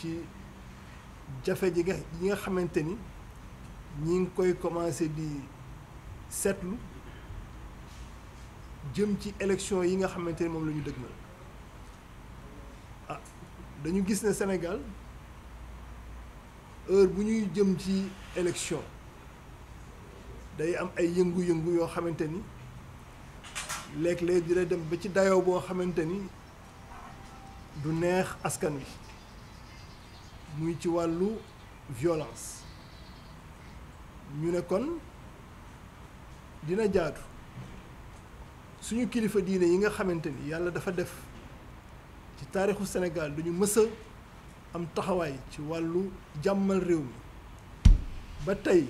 ci jafe ji nga xamante ni ñi ngi koy commencé di seetlu jëm ci élection yi nga xamante ni moom la ñu dëgmal ah dañu gis ne senegal heure bu ñuy jëm ci élection day am ay yëngu-yëngu yoo xamante ni léeg-léeg dina dem ba ci dayoo boo xamante ni du neex askan wi muy ci wàllu violence ñu ne kon dina jaadu suñu kilifa diine yi nga xamante ni yàlla dafa def ci taarixu Sénégal duñu mësa am taxawaay ci wàllu jàmmal réew mi ba tey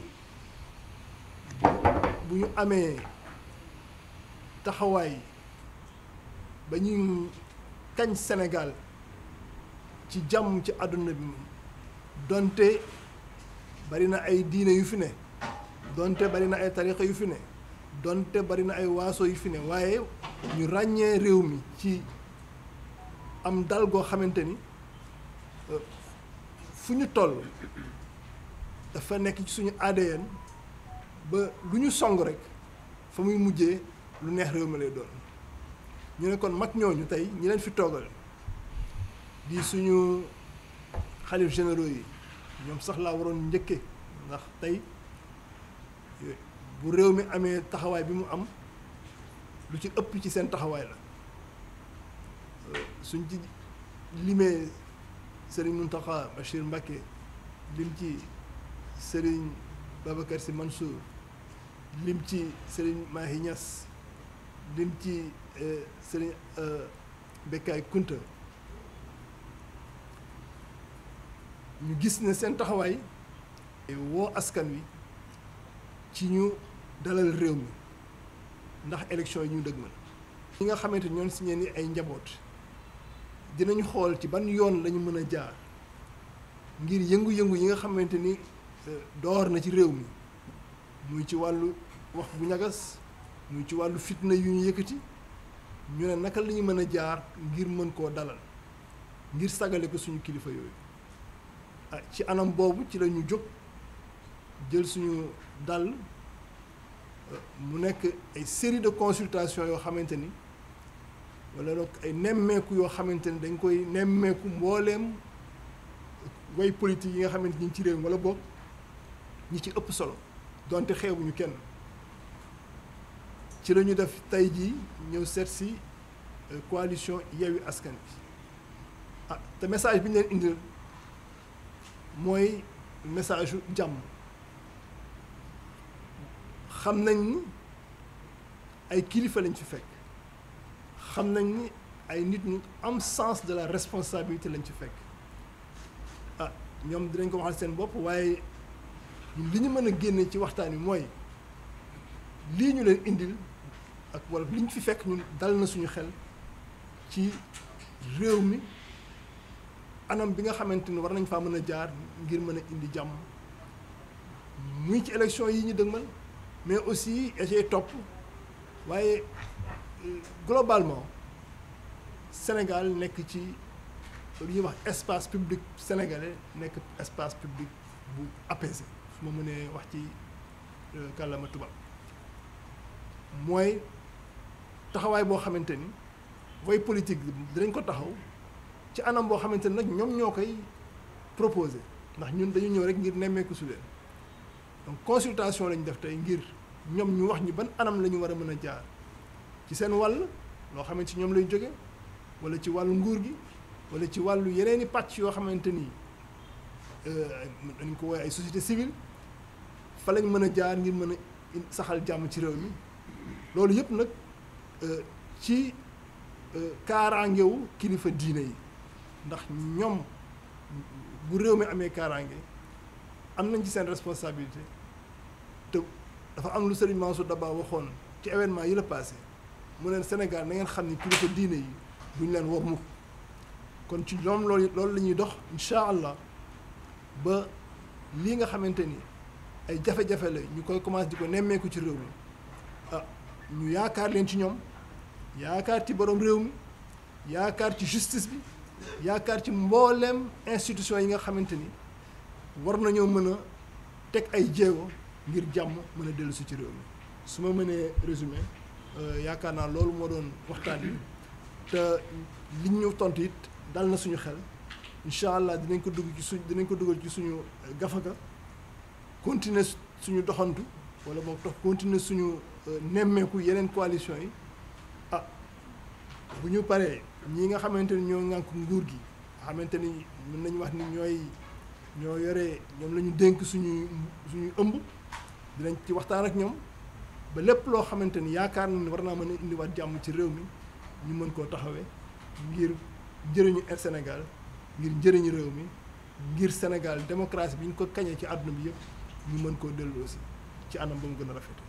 bu ñu amee taxawaay ba ñuy kañ senegal ci jàmm ci àdduna bi moom donte bari na ay diine yu fi ne donte bari na ay tarixa yu fi ne donte bari na ay waaso yu fi ne waaye ñu ràññee réew mi ci am dal goo xamante ni euh, fu ñu toll dafa nekk ci suñu ADN ba lu ñu song rek fa muy mujjee lu neex réew mi lay doon ñu ne kon mag ñooñu tey ñi leen fi toogal di suñu xalif généraux yi ñoom sax laa waroon njëkke ndax tey bu réew mi amee taxawaay bi mu am lu ci ëpp ci seen taxawaay la suñ ci limee sëriñ Mountakha Bachir Mbacké lim ci sëriñ Babacar Sy Mansour lim ci sëriñ Mahi Niass lim ci eh, sëriñ eh, Bekkaay Kunta ñu gis ne seen taxawaay et woo askan wi ci ñu dalal réew mi ndax élection yi ñu dëgmal ñi nga xamante ñoon si ñeen ay njaboot dinañu xool ci ban yoon lañu mën a jaar ngir yëngu-yëngu yi nga xamante ni euh, door na ci réew mi muy ci wàllu wax bu ñagas muy ci wàllu fitna yu ñu yëkkati ñu ne naka lañu mën a jaar ngir mën koo dalal ngir sagale ko suñu kilifa yooyu ci anam boobu ci la ñu jóg jël suñu dàll mu nekk ay série de consultation yoo xamante ni wala donc ay nemmeeku yoo xamante ni dañ koy nemmeeku mbooleem woy politique yi nga xamante ni ci réew mi wala bokk ñi ci ëpp solo donte xeebuñu kenn ci la ñu def tey jii ñëw seet si euh, coalition Yewwi Askan Wi ah te message bi ñu leen indil. mooy message u jàmm xam nañ ni ay kilifa lañ fi fekk xam nañ ni ay nit ñu am sens de la responsabilité lañ ci fekk ah ñoom dinañ ko waxal seen bopp waaye li ñu mën a génne ci waxtaan wi mooy lii ñu leen indil ak wala li ñu fi fekk ñun dal na suñu xel ci réew mi anam bi nga xamante ni war nañ faa mën a jaar ngir mën a indi jàmm muy ci élection yi ñu dëgmal mais aussi eg topp waaye euh, globalement Sénégal nekk ci yi ñuy wax espace public sénégalais nekk espace public bu apaisé su ma mënee wax ci euh, kàllaama tubaab mooy taxawaay boo xamante ni way politique dinañ ko taxaw ci anam boo xamante ne nag ñoom ñoo koy proposé ndax ñun dañu ñëw rek ngir nemmeeku su leen donc consultation lañ def tey ngir ñoom ñu wax ñi ban anam la ñu war a mën a jaar ci seen wàll loo xamante ci ñoom lay jóge wala ci wàll nguur gi wala ci wàllu yeneeni pàcc yoo xamante ni euh, dañ ko woowee ay société civile fa lañ mën a jaar ngir mën a saxal jàmm ci réew mi loolu yëpp nag euh, ci euh, kaaraangewu kilifa diine yi ndax ñoom bu réew mi amee kaaraange am nañ ci seen responsabilité te dafa am lu sëriñ Mansour Daba waxoon ci événement yi la passé mu neen Sénégal na ngeen xam ni kilifa diine yi duñ leen war mu kon ci ñoom loolu loolu lañuy dox incha allah ba lii nga xamante ni ay jafe-jafe la ñu koy commencé di ko nemmeeku ci réew mi ah ñu yaakaar leen ci ñoom yaakaar ci boroom réew mi yaakaar ci justice bi yaakaar ci mbooleem institution yi nga xamante ni war nañoo mën a teg ay jéego ngir jàmm mën a dellu si ci réew mi su ma mënee résumé euh, yaakaar naa loolu moo doon waxtaan bi te liñ ñu tontu it dal na suñu xel incha allah dinañ ko dugg ci suñ dinañ ko dugal ci suñu gafaka continuer suñu doxantu wala boog tax continuer suñu euh, nemmeeku yeneen coalition yi ah bu ñu paree. ñii nga xamante ni ñoo ŋànk nguur gi nga xamante ni mën nañu wax ni ñooy ñoo yore ñoom lañu dénk suñuy suñuy ëmb dinañ ci waxtaan ak ñoom ba lépp loo xamante ni yaakaar na ni war naa mën a indiwaat jàmm ci réew mi ñu mën koo taxawee ngir njëriñu Air Sénégal ngir njëriñu réew mi ngir Sénégal démocratie bi ñu ko kañee ci àdduna bi yëpp ñu mën koo dellu ci anam ba mu gën a rafet